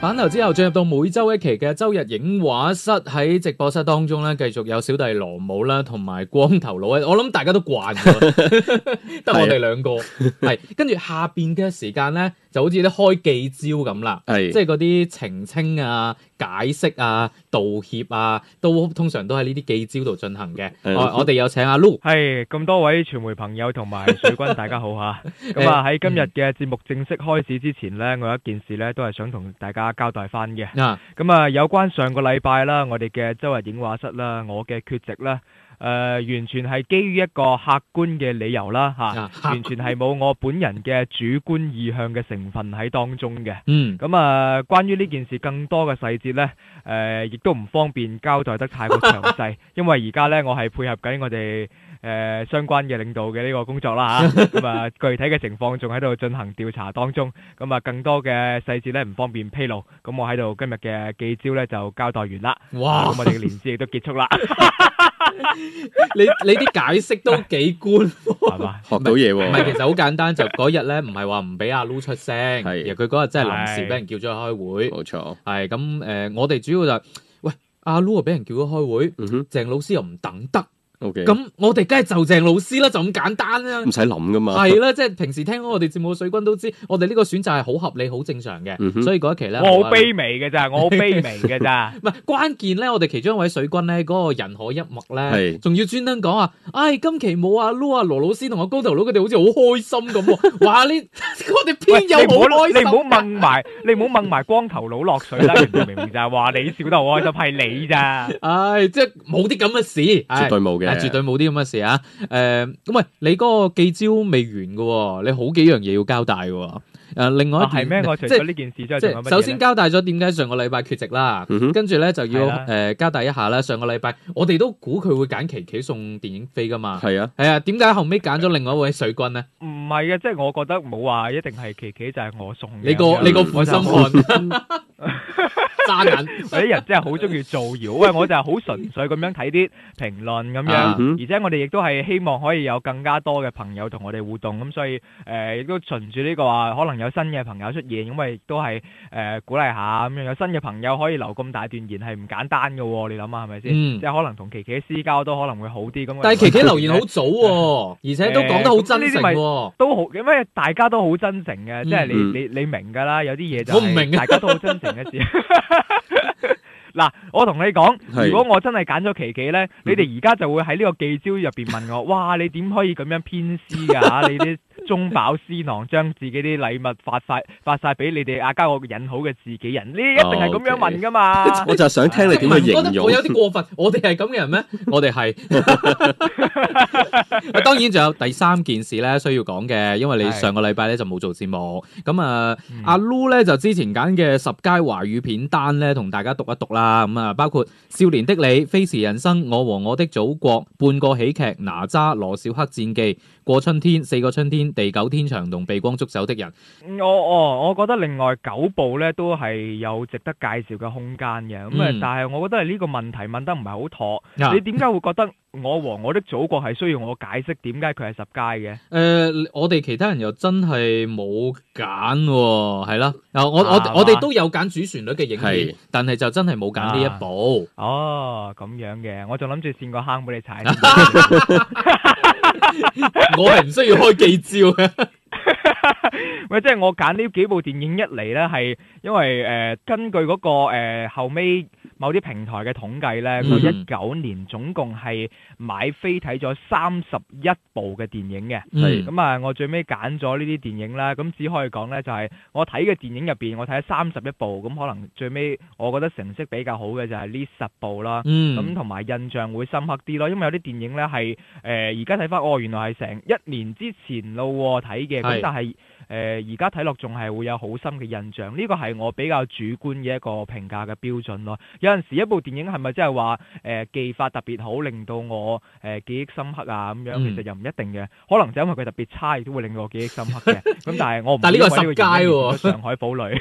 板頭之後，進入到每周一期嘅周日影畫室，喺直播室當中咧，繼續有小弟羅姆啦，同埋光頭佬。我諗大家都慣咗，得 我哋兩個係。 跟住下邊嘅時間咧，就好似啲開記招咁啦，是即係嗰啲澄清啊、解釋啊、道歉啊，都通常都喺呢啲記招度進行嘅。哎、我哋有請阿 Loop 係咁多位傳媒朋友同埋水軍， 大家好嚇。咁啊喺今日嘅節目正式開始之前呢，嗯、我有一件事呢，都係想同大家交代翻嘅。啊，咁啊有關上個禮拜啦，我哋嘅周圍影畫室啦，我嘅缺席啦。誒、呃，完全係基於一個客觀嘅理由啦，吓、啊，完全係冇我本人嘅主觀意向嘅成分喺當中嘅。嗯，咁啊、嗯，關於呢件事更多嘅細節呢，誒、呃，亦都唔方便交代得太過詳細， 因為而家呢，我係配合緊我哋誒、呃、相關嘅領導嘅呢個工作啦，吓、啊，咁啊，具體嘅情況仲喺度進行調查當中，咁啊，更多嘅細節呢，唔方便披露，咁我喺度今日嘅記招呢，就交代完啦。哇！啊、我哋嘅連接亦都結束啦。 你你啲解釋都幾官。 吧是學唔到嘢喎、啊。唔係，其實好簡單，就嗰日咧，唔係話唔俾阿 Lu 出聲，是而佢嗰日真係臨時俾人叫咗去開會，冇錯是。係咁是，誒、呃，我哋主要就係，喂，阿 Lu 俾人叫咗開會，鄭、嗯、哼老師又唔等得。O K，咁我哋梗係就鄭老師啦，就咁簡單啦，唔使諗噶嘛，係啦，即係平時聽我哋節目嘅水軍都知，我哋呢個選擇係好合理、好正常嘅，所以嗰一期咧，我好卑微嘅咋，我好卑微嘅咋，唔係關鍵咧，我哋其中一位水軍咧，嗰個人海一脈咧，仲要專登講啊，唉，今期冇阿 Lu 阿羅老師同我光頭佬佢哋好似好開心咁，話你我哋偏有冇開心？你唔好問埋，你唔好問埋光頭佬落水啦，明明就係話你笑得好開心係你咋，唉，即係冇啲咁嘅事，絕對冇嘅。絕對冇啲咁嘅事啊！誒，咁喂，你嗰個記招未完嘅喎，你好幾樣嘢要交代嘅喎。另外一點，係咩、啊？我除咗呢件事即，即係仲有乜嘢？首先交代咗點解上個禮拜缺席啦，跟住咧就要誒交代一下啦。上個禮拜我哋都估佢會揀琪琪送電影飛嘅嘛。係啊，係啊，點解後尾揀咗另外一位水軍咧？唔係啊，即係我覺得冇話一定係琪琪就係、是、我送你個、嗯、你個負心漢。 渣人，有啲人真係好中意造謠，餵我就係好純粹咁樣睇啲評論咁樣，而且我哋亦都係希望可以有更加多嘅朋友同我哋互動，咁所以誒亦都循住呢個話，可能有新嘅朋友出現，因為亦都係誒鼓勵下咁樣，有新嘅朋友可以留咁大段言係唔簡單㗎喎，你諗下係咪先？嗯，即係可能同琪琪私交都可能會好啲咁。但係琪琪留言好早喎，而且都講得好真誠，都好咩？大家都好真誠嘅，即係你你你明㗎啦，有啲嘢就我唔明，大家都好真誠嘅事。嗱， 我同你講，如果我真係揀咗琪琪咧，的你哋而家就會喺呢個記招入邊問我， 哇，你點可以咁樣偏私噶？ 你啲。中飽私囊，將自己啲禮物發晒，發晒俾你哋阿家我引好嘅自己人，呢一定係咁樣問噶嘛？Okay. 我就係想聽你點去形容。我我有啲過分，我哋係咁嘅人咩？我哋係。當然仲有第三件事咧，需要講嘅，因為你上個禮拜咧就冇做節目，咁的啊、嗯、阿 Lu 咧就之前揀嘅十佳華語片單咧，同大家讀一讀啦。咁啊，包括《少年的你》、《飛馳人生》、《我和我的祖國》、《半個喜劇》、《哪吒》、《羅小黑戰記》。過春天，四個春天，地久天長同被光抓走的人。我我我覺得另外九部咧都係有值得介紹嘅空間嘅。咁但係我覺得係呢個問題問得唔係好妥。你點解會覺得我和我的祖國係需要我解釋點解佢係十佳嘅？誒，我哋其他人又真係冇揀，係啦。我我我哋都有揀主旋律嘅影片，但係就真係冇揀呢一部。哦，咁樣嘅，我仲諗住扇個坑俾你踩。 我係唔需要開記招嘅。喂，即係我揀呢幾部電影一嚟咧，係因為誒、呃，根據嗰、那個誒、呃、後尾。某啲平台嘅統計呢，佢一九年總共係買飛睇咗三十一部嘅電影嘅，咁啊、嗯，我最尾揀咗呢啲電影啦。咁只可以講呢，就係、是、我睇嘅電影入邊，我睇咗三十一部，咁可能最尾我覺得成績比較好嘅就係呢十部啦。咁同埋印象會深刻啲咯，因為有啲電影呢係誒而家睇翻，哦，原來係成一年之前咯睇嘅，咁、嗯、但係。誒，而家睇落仲係會有好深嘅印象，呢個係我比較主觀嘅一個評價嘅標準咯。有陣時一部電影係咪真係話，誒、呃、技法特別好，令到我誒、呃、記憶深刻啊？咁樣其實又唔一定嘅，可能就因為佢特別差亦都會令我記憶深刻嘅。咁 但係我唔係呢個街上海堡壘。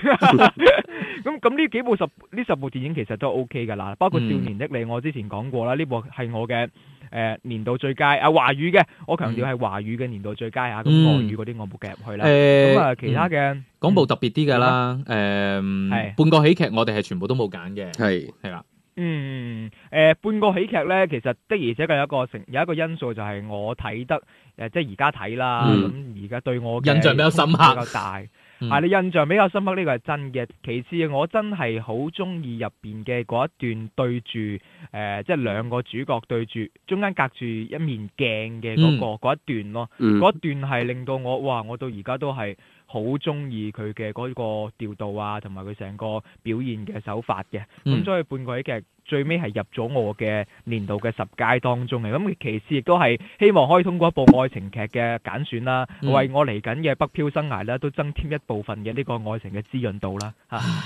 咁咁呢幾部十呢十部電影其實都 O K 嘅嗱，包括《少年的你》我之前講過啦，呢部係我嘅。誒，年度最佳啊，華語嘅，我強調係華語嘅年度最佳啊，咁外、嗯、語嗰啲我冇夾入去、嗯嗯、啦。誒、嗯，咁啊、嗯，其他嘅講部特別啲噶啦，誒、嗯呃，半個喜劇我哋係全部都冇揀嘅，係係啦。嗯，誒，半個喜劇咧，其實的而且確有一個成有一個因素就係我睇得誒、呃，即係而家睇啦，咁、嗯、而家對我印象比較深刻，比較大。啊！你印象比較深刻呢個係真嘅。其次，我真係好中意入邊嘅嗰一段對住誒、呃，即係兩個主角對住中間隔住一面鏡嘅嗰、嗰個、嗯、一段咯。嗰、嗯、一段係令到我哇！我到而家都係，好中意佢嘅嗰個調度啊，同埋佢成個表現嘅手法嘅，咁所以半個喜劇最尾係入咗我嘅年度嘅十佳當中嘅。咁其次亦都係希望可以通過一部愛情劇嘅揀選啦、啊，嗯、為我嚟緊嘅北漂生涯咧、啊、都增添一部分嘅呢個愛情嘅滋潤度啦、啊。 唉，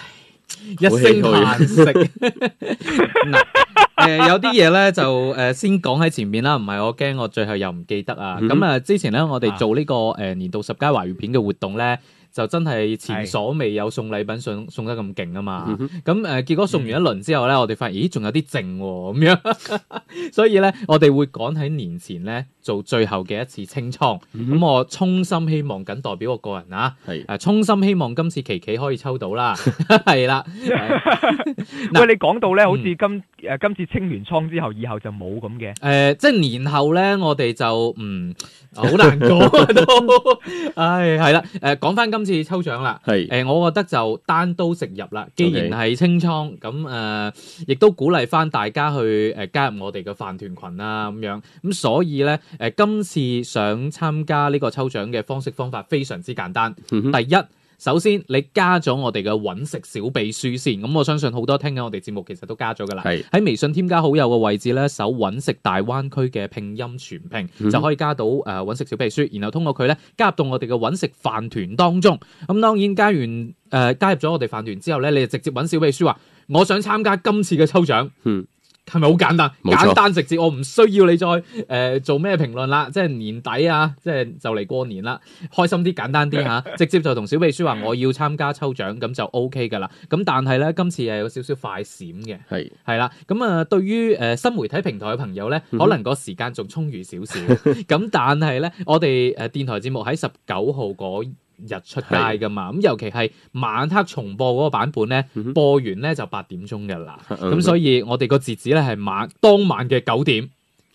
一聲難食。 誒，有啲嘢咧就誒、呃、先講喺前面啦，唔係我驚我最後又唔記得啊。咁啊，嗯、之前咧我哋做呢個誒年度十佳華語片嘅活動咧，就真係前所未有送禮品送送得咁勁啊嘛。咁誒、嗯，嗯嗯、結果送完一輪之後咧，我哋發現咦仲有啲剩咁樣，嗯嗯、所以咧我哋會趕喺年前咧做最後嘅一次清倉。咁我衷心希望緊代表我個人啊，係誒衷心希望今次琪琪可以抽到啦，係啦。喂、yes，你講到咧好似今。誒今次清完倉之後，以後就冇咁嘅。誒，即係年後咧，我哋就嗯好難講都。誒係啦。誒講翻今次抽獎啦。係。誒我覺得就單刀直入啦。既然係清倉，咁誒亦都鼓勵翻大家去誒加入我哋嘅飯團羣啦咁樣。咁所以咧，誒今次想參加呢個抽獎嘅方式方法非常之簡單。第一。首先，你加咗我哋嘅揾食小秘書先，咁我相信好多聽緊我哋節目其實都加咗噶啦。喺是微信添加好友嘅位置咧，搜揾食大灣區嘅拼音全拼，嗯、就可以加到誒、呃、揾食小秘書，然後通過佢咧加入到我哋嘅揾食飯團當中。咁當然加完誒、呃、加入咗我哋飯團之後咧，你就直接揾小秘書話，我想參加今次嘅抽獎。嗯。係咪好簡單？錯簡單直接，我唔需要你再誒、呃、做咩評論啦。即係年底啊，即係就嚟過年啦，開心啲，簡單啲吓、啊， 直接就同小秘書話我要參加抽獎，咁就 OK 噶啦。咁但係咧，今次係有少少快閃嘅，係係啦。咁啊、呃，對於誒、呃、新媒體平台嘅朋友咧，可能個時間仲充裕少少。咁 但係咧，我哋誒電台節目喺十九號嗰。日出街㗎嘛，咁尤其係晚黑重播嗰個版本咧，mm hmm. 播完咧就八點鐘㗎喇，咁、mm hmm. 所以我哋個截止咧係晚當晚嘅九點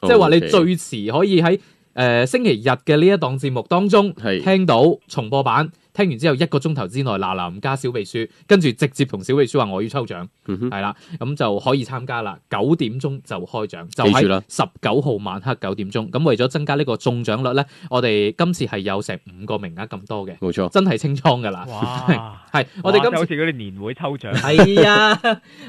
，Okay. 即係話你最遲可以喺誒、呃、星期日嘅呢一檔節目當中聽到重播版。Mm hmm. 聽完之後一個鐘頭之內嗱嗱唔加小秘書，跟住直接同小秘書話我要抽獎，係啦、嗯哼，咁就可以參加啦。九點鐘就開獎，記住啦，十九號晚黑九點鐘。咁為咗增加呢個中獎率咧，我哋今次係有成五個名額咁多嘅，冇錯錯，真係清倉噶啦。係哇， 我哋今次好似嗰啲年會抽獎，係啊，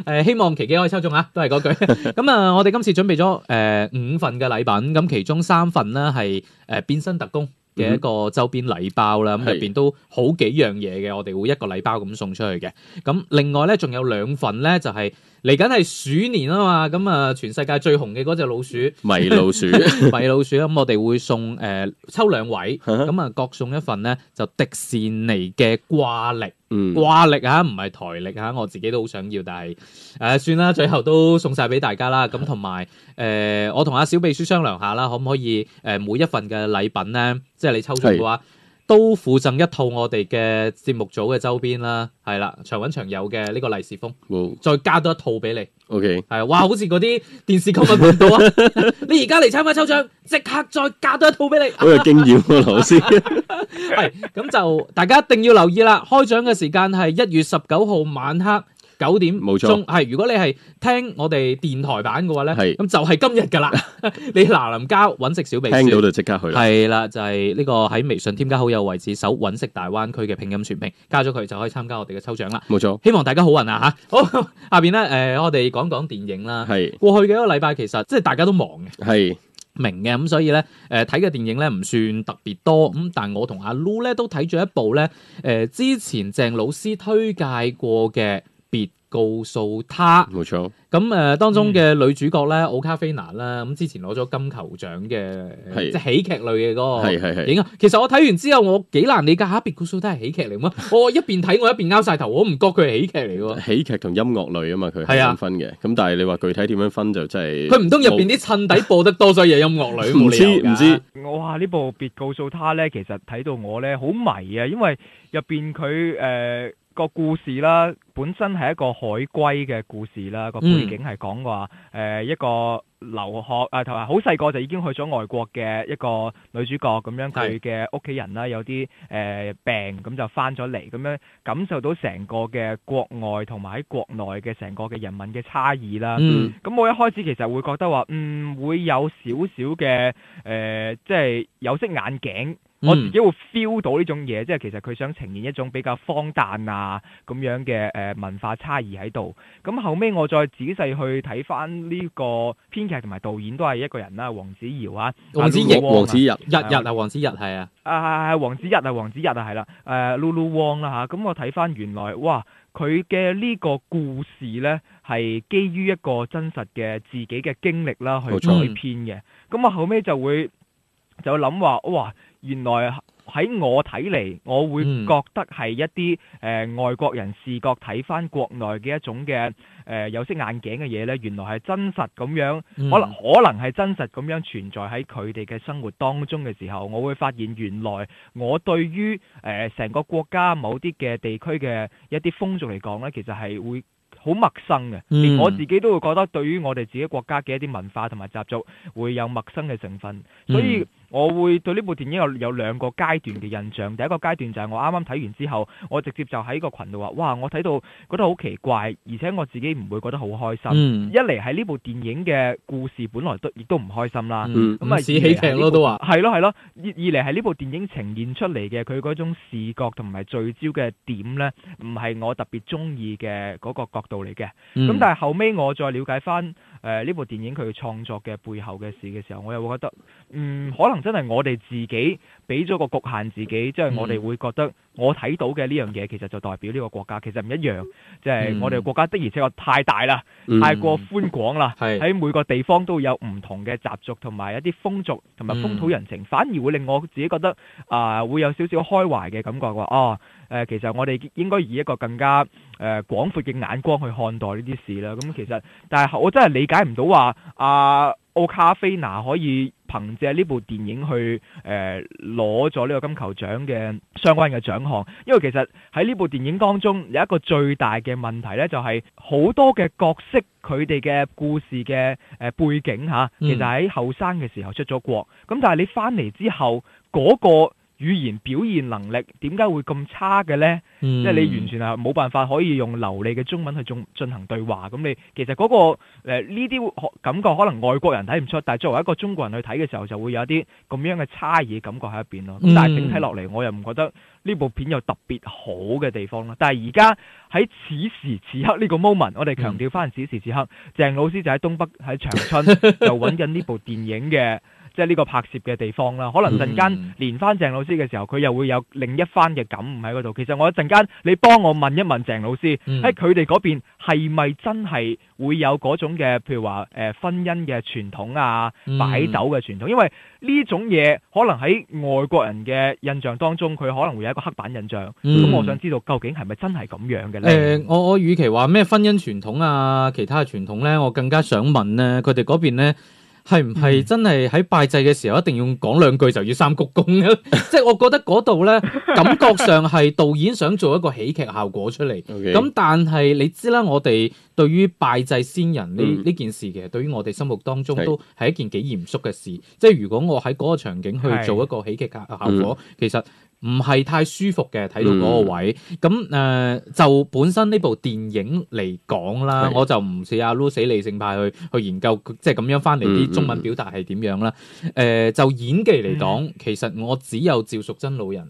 誒，希望琪琪可以抽中啊，都係嗰句。咁啊，我哋今次準備咗誒、呃、五份嘅禮品，咁其中三份呢，係、呃、誒變身特工。嘅一個周邊禮包啦，咁入邊都好幾樣嘢嘅，我哋會一個禮包咁送出去嘅。咁另外咧，仲有兩份咧，就係。嚟緊係鼠年啊嘛，咁啊全世界最紅嘅嗰隻老鼠，米老鼠 米老鼠咁，我哋會送誒、呃、抽兩位，咁啊各送一份咧就迪士尼嘅掛歷，掛歷嚇唔係台歷嚇，我自己都好想要，但係誒、呃、算啦，最後都送晒俾大家啦。咁同埋誒我同阿小秘書商量下啦，可唔可以誒每一份嘅禮品咧，即係你抽中嘅話。都附贈一套我哋嘅節目組嘅周邊啦，係啦，長揾長有嘅呢個利是封，Wow. 再加多一套俾你。OK，係啊，哇，好似嗰啲電視購物頻道啊！ 你而家嚟參加抽獎，即刻再加多一套俾你。好有經驗啊，羅老師。 係，咁就大家一定要留意啦。開獎嘅時間係一月十九號晚黑，九點，冇錯，係如果你係聽我哋電台版嘅話咧，咁就係今日噶啦。你嗱臨交揾食小秘，聽到就即刻去。係啦，就係呢個喺微信添加好友位置搜揾食大灣區嘅拼音全拼，加咗佢就可以參加我哋嘅抽獎啦。冇錯，希望大家好運啊吓。好，下邊咧，誒，我哋講講電影啦。係過去嘅一個禮拜，其實即係大家都忙嘅，係明嘅咁，所以咧，誒，睇嘅電影咧唔算特別多咁，但我同阿 Lu 咧都睇咗一部咧，誒，之前鄭老師推介過嘅。告訴他，冇錯。咁誒，當中嘅女主角咧，奧卡菲娜啦，咁之前攞咗金球獎嘅，即係喜劇類嘅嗰個影啊。其實我睇完之後，我幾難理解。別告訴他係喜劇嚟嘛？我一邊睇我一邊拗晒頭，我唔覺佢係喜劇嚟嘅。喜劇同音樂類啊嘛，佢係咁分嘅。咁但係你話具體點樣分就真係佢唔通入邊啲襯底播得多咗嘢係音樂類？唔知唔知。我話呢部別告訴他咧，其實睇到我咧好迷啊，因為入邊佢誒。個故事啦，本身係一個海歸嘅故事啦，個背景係講話誒一個留學啊，同埋好細個就已經去咗外國嘅一個女主角咁樣，佢嘅屋企人啦有啲誒、呃、病，咁就返咗嚟，咁樣感受到成個嘅國外同埋喺國內嘅成個嘅人民嘅差異啦。咁、嗯、我一開始其實會覺得話，嗯，會有少少嘅誒，即係有色眼鏡。我自己會 feel 到呢種嘢，即係其實佢想呈現一種比較荒誕啊咁樣嘅誒文化差異喺度。咁後尾我再仔細去睇翻呢個編劇同埋導演都係一個人啦，王子堯啊，王子逸、王子日日啊，王子日係啊，啊係係王子日啊，王子日啊係啦，誒 Lulu Wong 啦吓。咁我睇翻原來哇，佢嘅呢個故事咧係基於一個真實嘅自己嘅經歷啦去改編嘅。咁我、嗯、後尾就會就諗話哇。哇哇哇原來喺我睇嚟，我會覺得係一啲誒、呃、外國人視覺睇翻國內嘅一種嘅誒、呃、有色眼鏡嘅嘢咧。原來係真實咁樣，嗯可、可能可能係真實咁樣存在喺佢哋嘅生活當中嘅時候，我會發現原來我對於誒成個國家某啲嘅地區嘅一啲風俗嚟講呢，其實係會好陌生嘅。嗯、連我自己都會覺得對於我哋自己國家嘅一啲文化同埋習俗會有陌生嘅成分，所以。嗯我會對呢部電影有有兩個階段嘅印象，第一個階段就係我啱啱睇完之後，我直接就喺個群度話：哇！我睇到覺得好奇怪，而且我自己唔會覺得好開心。嗯，一嚟係呢部電影嘅故事本來都亦都唔開心啦。咁咪止喜劇？咯都話。係咯係咯，二嚟係呢部電影呈現出嚟嘅佢嗰種視覺同埋聚焦嘅點呢，唔係我特別中意嘅嗰個角度嚟嘅。咁、嗯嗯、但係後尾我再了解翻。誒呢部電影佢創作嘅背後嘅事嘅時候，我又會覺得，嗯，可能真係我哋自己俾咗個局限自己，即係我哋會覺得我睇到嘅呢樣嘢其實就代表呢個國家，其實唔一樣，即係我哋國家的而且確太大啦，嗯、太過寬廣啦，喺每個地方都有唔同嘅習俗同埋一啲風俗同埋風土人情，嗯、反而會令我自己覺得啊、呃，會有少少開懷嘅感覺喎，哦。誒、呃、其實我哋應該以一個更加誒廣闊嘅眼光去看待呢啲事啦。咁、嗯、其實，但係我真係理解唔到話阿奧卡菲娜可以憑藉呢部電影去誒攞咗呢個金球獎嘅相關嘅獎項，因為其實喺呢部電影當中有一個最大嘅問題呢，就係、是、好多嘅角色佢哋嘅故事嘅誒、呃、背景嚇，其實喺後生嘅時候出咗國，咁、嗯、但係你翻嚟之後嗰、那個。語言表現能力點解會咁差嘅呢？即係、嗯、你完全係冇辦法可以用流利嘅中文去進進行對話。咁你其實嗰、那個誒呢啲感覺可能外國人睇唔出，但係作為一個中國人去睇嘅時候，就會有一啲咁樣嘅差異感覺喺入邊咯。嗯、但係整體落嚟，我又唔覺得呢部片有特別好嘅地方咯。但係而家喺此時此刻呢個 moment，我哋強調翻此時此刻，鄭、嗯、老師就喺東北喺長春， 就揾緊呢部電影嘅。即係呢個拍攝嘅地方啦，可能陣間連返鄭老師嘅時候，佢又會有另一番嘅感悟喺嗰度。其實我一陣間，你幫我問一問鄭老師，喺佢哋嗰邊係咪真係會有嗰種嘅，譬如話誒、呃、婚姻嘅傳統啊、擺酒嘅傳統，嗯、因為呢種嘢可能喺外國人嘅印象當中，佢可能會有一個黑板印象。咁、嗯、我想知道究竟係咪真係咁樣嘅咧？誒、呃，我我與其話咩婚姻傳統啊，其他嘅傳統咧，我更加想問咧，佢哋嗰邊咧。係唔係真係喺拜祭嘅時候，一定要講兩句就要三鞠躬？即 係我覺得嗰度咧，感覺上係導演想做一個喜劇效果出嚟。咁 Okay. 但係你知啦，我哋對於拜祭先人呢呢件事，其實、嗯、對於我哋心目當中都係一件幾嚴肅嘅事。即、就、係、是、如果我喺嗰個場景去做一個喜劇效效果，嗯、其實。唔係太舒服嘅，睇到嗰個位咁，誒、嗯呃，就本身呢部電影嚟講啦，的我就唔似阿 Lu 死理性派去去研究，即係咁樣翻嚟啲中文表達係點樣啦。誒、嗯嗯呃，就演技嚟講，的其實我只有趙淑珍老人。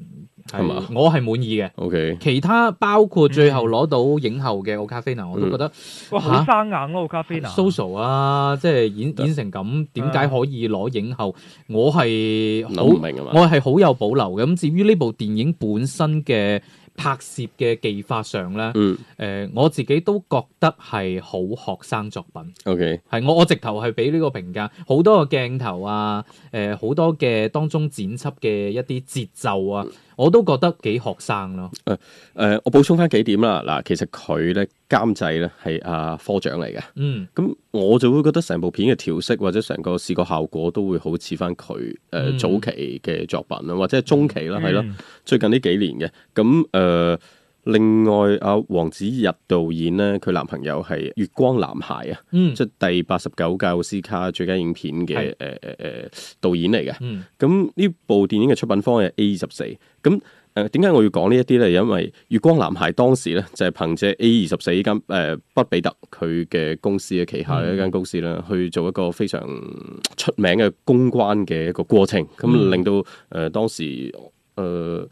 係啊，是是我係滿意嘅。OK，其他包括最後攞到影后嘅奧卡菲娜，嗯、我都覺得、嗯、蛤哇，好生硬咯，啊，奧卡菲娜。So so 啊，即係演演成咁，點解可以攞影后？嗯、我係好，明我係好有保留嘅。咁至於呢部電影本身嘅。拍攝嘅技法上咧，誒、嗯呃、我自己都覺得係好學生作品。OK，係我我直頭係俾呢個評價，好多個鏡頭啊，誒、呃、好多嘅當中剪輯嘅一啲節奏啊，我都覺得幾學生咯。誒誒、呃呃，我補充翻幾點啦。嗱，其實佢咧。監製咧係阿科長嚟嘅，咁、嗯、我就會覺得成部片嘅調色或者成個視覺效果都會好似翻佢誒早期嘅作品啊，或者係中期啦，係、嗯、啦，最近呢幾年嘅，咁誒、呃、另外阿、啊、王子逸導演咧，佢男朋友係月光男孩啊，嗯、即係第八十九屆奧斯卡最佳影片嘅誒誒誒導演嚟嘅，咁呢、嗯嗯、部電影嘅出品方係 A 十四，咁。誒，點解我要講呢一啲咧？因為月光男孩當時咧，就係憑借 A 二十四呢間誒，畢、呃、比特佢嘅公司嘅旗下嘅一間公司啦，嗯、去做一個非常出名嘅公關嘅一個過程，咁令到誒、呃、當時誒。呃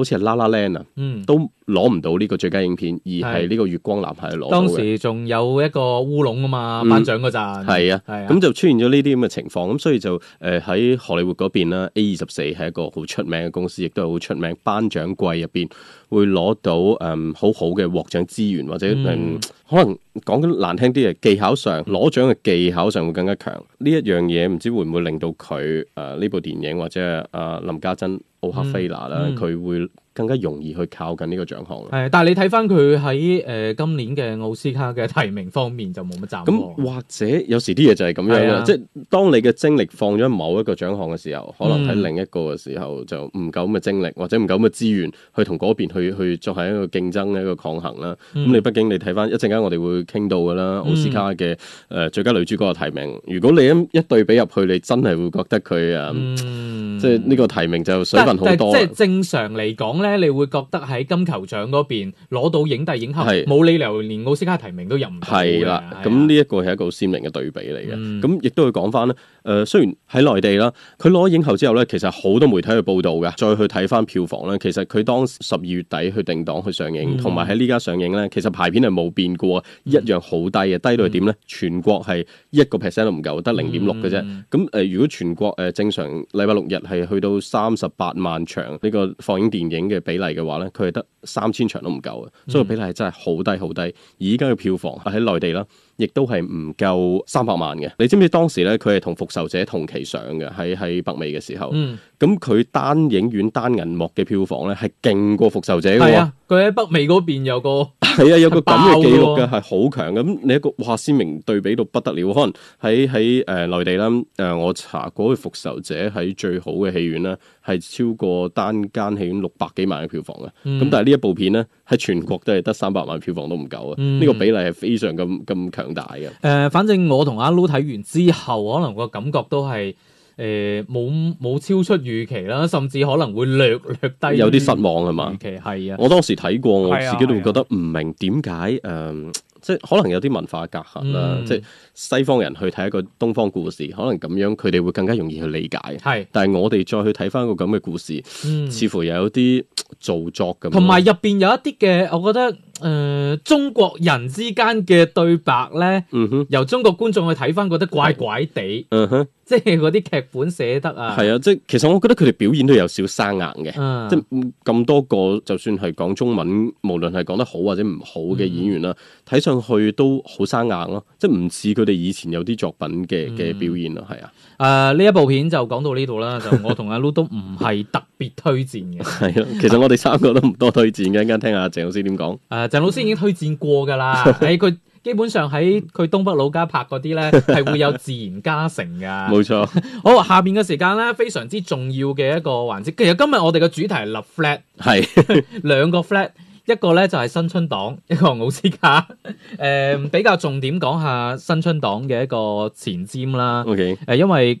好似係 La La Land 啊，都攞唔到呢個最佳影片，而係呢個月光男孩攞。當時仲有一個烏龍啊嘛，頒獎嗰陣。係啊，咁、啊、就出現咗呢啲咁嘅情況，咁所以就誒喺、呃、荷里活嗰邊啦，A 二十四係一個好出名嘅公司，亦都係好出名。頒獎季入邊會攞到誒、嗯、好好嘅獲獎資源，或者嗯。嗯可能講得難聽啲，嘅技巧上攞獎嘅技巧上會更加強呢一樣嘢，唔知會唔會令到佢誒呢部電影或者係、呃、林家珍、嗯、奧克菲娜啦，佢、嗯、會。更加容易去靠近呢個獎項，但係你睇翻佢喺誒今年嘅奧斯卡嘅提名方面就冇乜斬獲。咁或者有時啲嘢就係咁樣啦，的即係當你嘅精力放咗某一個獎項嘅時候，可能喺另一個嘅時候就唔夠咁嘅精力，或者唔夠咁嘅資源去同嗰邊去去作係一個競爭嘅一個抗衡啦。咁、嗯嗯、你畢竟你睇翻一陣間我哋會傾到噶啦，奧、嗯、斯卡嘅誒、呃、最佳女主角嘅提名，如果你一對比入去，你真係會覺得佢啊、呃嗯，即係呢個提名就水分好多。即係正常嚟講咧。你會覺得喺金球獎嗰邊攞到影帝影后，冇的理由連奧斯卡提名都入唔到嘅。係啦的，咁呢的一個係一個鮮明嘅對比嚟嘅。咁亦、嗯、都會講翻咧，誒、呃、雖然喺內地啦，佢攞影后之後咧，其實好多媒體去報導嘅，再去睇翻票房咧，其實佢當時十二月底去定檔去上映，同埋喺呢家上映咧，其實排片係冇變過，嗯、一樣好低嘅，低到係點咧？嗯、全國係一個 percent 都唔夠，得零點六嘅啫。咁誒、嗯，嗯、如果全國誒正常禮拜六日係去到三十八萬場呢個放映電影嘅。比例嘅話咧，佢係得三千場都唔夠，嗯、所以比例係真係好低好低。而家嘅票房喺內地啦，亦都係唔夠三百萬嘅。你知唔知當時咧，佢係同復仇者同期上嘅，喺喺北美嘅時候，咁佢、嗯、單影院單銀幕嘅票房咧係勁過復仇者嘅。係啊，佢喺北美嗰邊有個。係啊，有個咁嘅記錄嘅，係好強嘅。咁你一個哇鮮明對比到不得了，可能喺喺誒內地啦。誒、呃，我查過《復仇者》喺最好嘅戲院啦，係超過單間戲院六百幾萬嘅票房嘅。咁、嗯、但係呢一部片咧，喺全國都係得三百萬票房都唔夠啊。呢、嗯、個比例係非常咁咁強大嘅。誒、呃，反正我同阿 Loo 睇完之後，可能個感覺都係。誒冇冇超出預期啦，甚至可能會略略低，有啲失望係嘛？預期、okay, 啊！我當時睇過，我自己都會覺得唔明點解誒，即係、啊啊嗯、可能有啲文化隔閡啦。嗯、即係西方人去睇一個東方故事，可能咁樣佢哋會更加容易去理解。係是，但係我哋再去睇翻個咁嘅故事，嗯、似乎又有啲做作咁。同埋入邊有一啲嘅，我覺得誒、呃、中國人之間嘅對白咧，嗯、哼由中國觀眾去睇翻，覺得怪怪地。嗯哼。嗯哼。即係嗰啲劇本寫得啊，係啊，即係其實我覺得佢哋表演都有少生硬嘅，嗯、即係咁多個就算係講中文，無論係講得好或者唔好嘅演員啦，睇、嗯、上去都好生硬咯，即係唔似佢哋以前有啲作品嘅嘅、嗯、表演咯，係啊，誒呢、呃、一部片就講到呢度啦，就我同阿 Lu 都唔係特別推薦嘅，係 啊，其實我哋三個都唔多推薦嘅，聽聽陣間聽下鄭老師點講，嗯，誒鄭老師已經推薦過㗎啦，誒佢、呃。 基本上喺佢東北老家拍嗰啲咧，係會有自然加成噶。冇 錯，好，下邊嘅時間咧，非常之重要嘅一個環節。其實今日我哋嘅主題立 flat，係 兩個 flat，一個咧就係新春檔，一個奧斯卡。誒、呃，比較重點講下新春檔嘅一個前瞻啦。OK，誒，因為。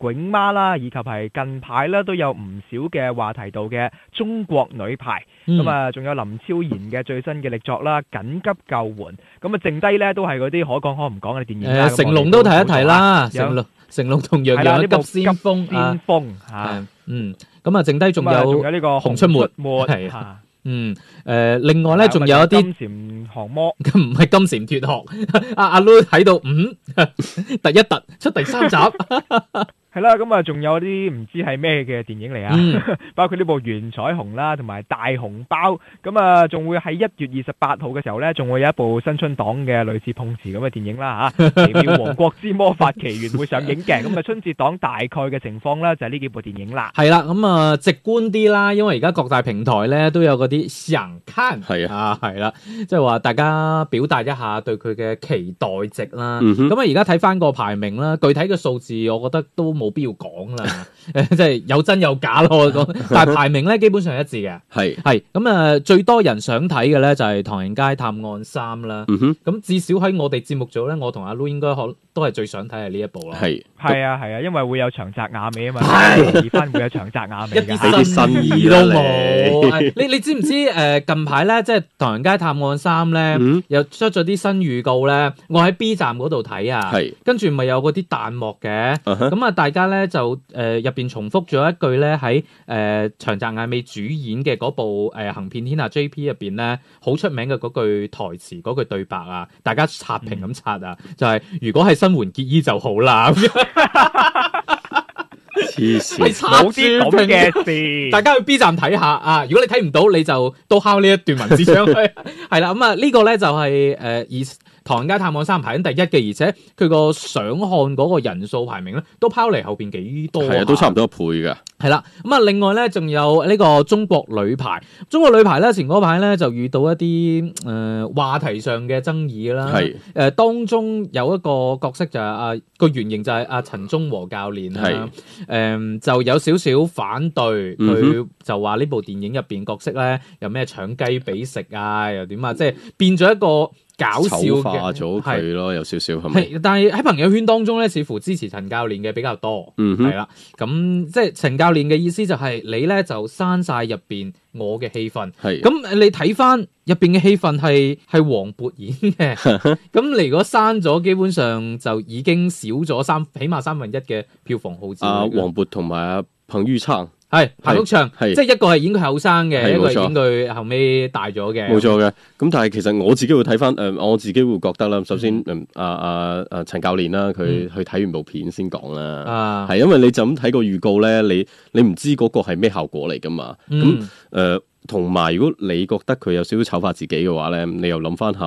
囧媽啦，以及係近排咧都有唔少嘅話題度嘅中國女排，咁啊，仲有林超賢嘅最新嘅力作啦，緊急救援，咁啊，剩低咧都係嗰啲可講可唔講嘅電影。誒，成龍都提一提啦，成龍成龍同楊洋嘅急先鋒啊，嗯，咁啊，剩低仲有仲有呢個熊出沒，係啊，嗯，誒，另外咧仲有一啲金蟬降魔，唔係金蟬脫殼，阿阿 Lo 喺度五突一突出第三集。係啦，咁啊、嗯，仲有啲唔知係咩嘅電影嚟啊，包括呢部《袁彩虹》啦，同埋《大紅包》。咁、嗯、啊，仲會喺一月二十八號嘅時候咧，仲會有一部新春檔嘅類似碰瓷咁嘅電影啦，吓、啊《奇妙王國之魔法奇緣》會上映嘅。咁啊，春節檔大概嘅情況咧，就係、是、呢幾部電影啦。係啦、啊，咁、嗯、啊，直觀啲啦，因為而家各大平台咧都有嗰啲想看，係啊，係啦、啊，即係話大家表達一下對佢嘅期待值啦。咁啊、嗯哼，而家睇翻個排名啦，具體嘅數字，我覺得都冇。冇必要講啦，誒，即係有真有假咯。我講，但係排名咧基本上一致嘅，係係咁啊！最多人想睇嘅咧就係《唐人街探案三》啦。嗯哼。咁至少喺我哋節目組咧，我同阿 Lu 應該學都係最想睇係呢一部咯，係係啊係啊，因為會有長澤雅美啊嘛，而翻會有長澤雅美 一啲新意都冇。 你你知唔知誒、呃？近排咧，即係唐人街探案三咧，嗯、又出咗啲新預告咧。我喺 B 站嗰度睇啊，是跟住咪有嗰啲彈幕嘅，咁啊、uh huh. 嗯、大家咧就誒入邊重複咗一句咧喺誒長澤雅美主演嘅嗰部誒、呃呃、行騙天下 JP 入邊咧，好出名嘅嗰句台詞嗰句對白啊，大家刷屏咁刷啊，就係、是、如果係新。換結衣就好啦，黐 線，啲咁嘅事。 大家去 B 站睇下啊！如果你睇唔到，你就都敲呢一段文字上去。係 啦， 咁、嗯、啊、這個、呢個咧就係、是、誒、呃、以。唐人街探案三排緊第一嘅，而且佢個想看嗰個人數排名咧，都拋離後邊幾多下。係啊，都差唔多一倍嘅。係啦，咁啊，另外咧，仲有呢個中國女排。中國女排咧，前嗰排咧就遇到一啲誒、呃、話題上嘅爭議啦。係誒的，當中有一個角色就係阿個原型就係阿陳忠和教練啦。係的、呃、就有少少反對佢，嗯、哼就話呢部電影入邊角色咧，有咩搶雞俾食啊，又點啊，即係變咗一個。搞笑化咗佢咯，有少少係，但係喺朋友圈當中咧，似乎支持陳教練嘅比較多，係啦、嗯哼。咁即係陳教練嘅意思就係、是、你咧就刪晒入邊我嘅戲份，係咁的你睇翻入邊嘅戲份係係黃渤演嘅，咁嚟 如果刪咗，基本上就已經少咗三起碼三分一嘅票房號召。啊，黃渤同埋啊彭昱暢。係彭昱暢，係是即係一個係演佢係後生嘅，是一個演佢後尾大咗嘅。冇錯嘅，咁嗎但係其實我自己會睇翻誒，我自己會覺得啦。首先，阿阿阿陳教練啦，佢去睇完部片先講啦。啊、嗯，係因為你就咁睇個預告咧，你你唔知嗰個係咩效果嚟噶嘛？咁誒、嗯，同埋、呃、如果你覺得佢有少少醜化自己嘅話咧，你又諗翻下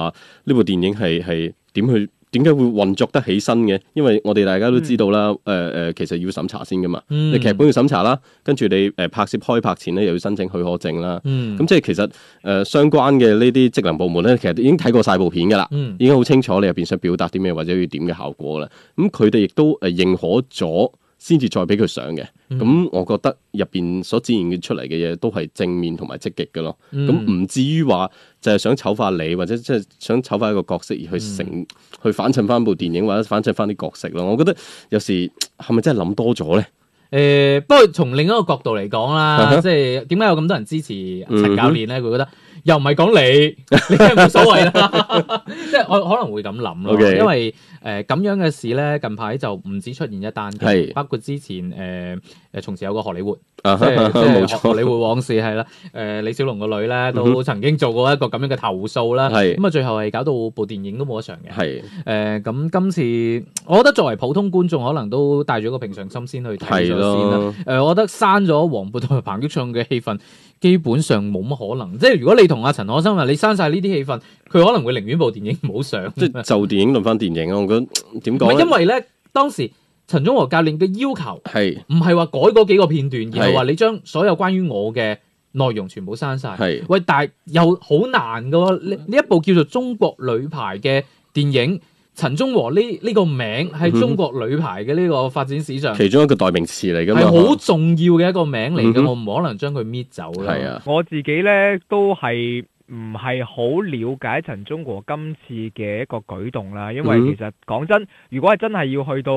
呢部電影係係點去？點解會運作得起身嘅？因為我哋大家都知道啦，誒誒、嗯呃，其實要審查先㗎嘛，你、嗯、劇本要審查啦，跟住你誒拍攝開拍前咧又要申請許可證啦，咁、嗯、即係其實誒、呃、相關嘅呢啲職能部門咧，其實已經睇過晒部片㗎喇，嗯、已經好清楚你入邊想表達啲咩或者要點嘅效果啦。咁佢哋亦都誒認可咗，先至再俾佢上嘅，咁、嗯、我覺得入邊所展現嘅出嚟嘅嘢都係正面同埋積極嘅咯，咁唔、嗯、至於話就係想醜化你，或者即係想醜化一個角色而去成、嗯、去反襯翻部電影或者反襯翻啲角色咯。我覺得有時係咪真係諗多咗咧？誒、欸，不過從另一個角度嚟講啦，即係點解有咁多人支持陳教練咧？佢、嗯、哼覺得。又唔係講你，你即係冇所謂啦。即係我可能會咁諗咯，okay. 因為誒咁、呃、樣嘅事咧，近排就唔止出現一單，係包括之前誒誒，從、呃、前有個荷里活，即係荷里活往事係啦。誒、啊，李小龍個女咧都曾經做過一個咁樣嘅投訴啦，係咁啊，最後係搞到部電影都冇得上嘅。係誒，咁今次我覺得作為普通觀眾，可能都帶住一個平常心先去睇咗先啦、啊。誒、啊，我覺得刪咗黃渤同埋彭昱暢嘅戲份。基本上冇乜可能，即係如果你同阿陳可辛話，你刪晒呢啲戲份，佢可能會寧願部電影唔好上。即係就電影論翻電影啊，我覺得點講咧？因為咧當時陳忠和教練嘅要求係唔係話改嗰幾個片段，而係話你將所有關於我嘅內容全部刪晒，係是喂，但係又好難嘅喎，呢呢一部叫做《中國女排》嘅電影。陳忠和呢呢、呢個名係中國女排嘅呢個發展史上、嗯、其中一個代名詞嚟嘅。係好重要嘅一個名嚟嘅，嗯、哼我唔可能將佢搣走啦。係啊、我自己呢都係唔係好了解陳忠和今次嘅一個舉動啦，因為其實講真，如果係真係要去到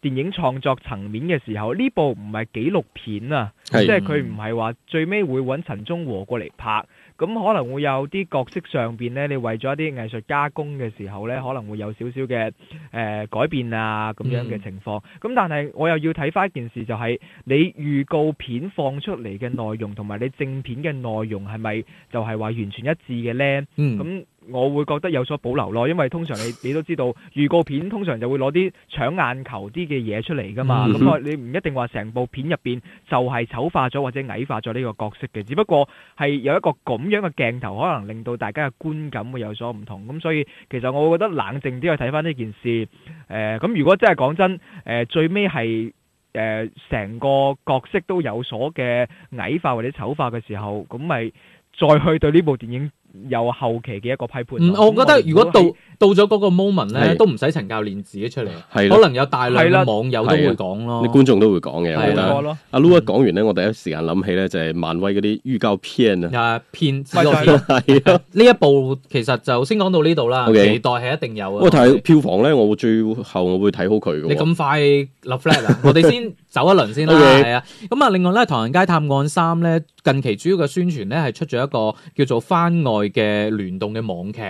電影創作層面嘅時候，呢部唔係紀錄片啊，是嗯、即係佢唔係話最尾會揾陳忠和過嚟拍。咁可能會有啲角色上邊呢，你為咗一啲藝術加工嘅時候呢，可能會有少少嘅誒、呃、改變啊咁樣嘅情況。咁、嗯、但係我又要睇翻一件事、就係，就係你預告片放出嚟嘅內容，同埋你正片嘅內容係咪就係話完全一致嘅呢？嗯。咁。我會覺得有所保留咯，因為通常你你都知道，預告片通常就會攞啲搶眼球啲嘅嘢出嚟噶嘛。咁你唔一定話成部片入邊就係醜化咗或者矮化咗呢個角色嘅，只不過係有一個咁樣嘅鏡頭，可能令到大家嘅觀感會有所唔同。咁、嗯、所以其實我會覺得冷靜啲去睇翻呢件事。誒、呃，咁如果真係講真，誒、呃、最尾係誒成個角色都有所嘅矮化或者醜化嘅時候，咁咪再去對呢部電影。有後期嘅一個批判。我覺得如果到到咗嗰個 moment 咧，都唔使陳教練自己出嚟，可能有大量嘅網友都會講咯，觀眾都會講嘅。我覺得阿 Lu 一講完咧，我第一時間諗起咧就係漫威嗰啲預告片啊。啊，片，快曬啦！呢一部其實就先講到呢度啦。期待係一定有。不過睇票房咧，我會最後我會睇好佢嘅。你咁快立 flag 啊？我哋先。走一輪先啦，係啊，咁啊，另外咧，《唐人街探案三》咧，近期主要嘅宣傳咧，係出咗一個叫做番外嘅聯動嘅網劇，